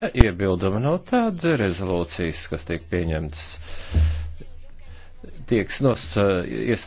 Iebildumi nav tāda rezolūcijas, kas tiek pieņemtas, tieks nos, uh, iesniegts.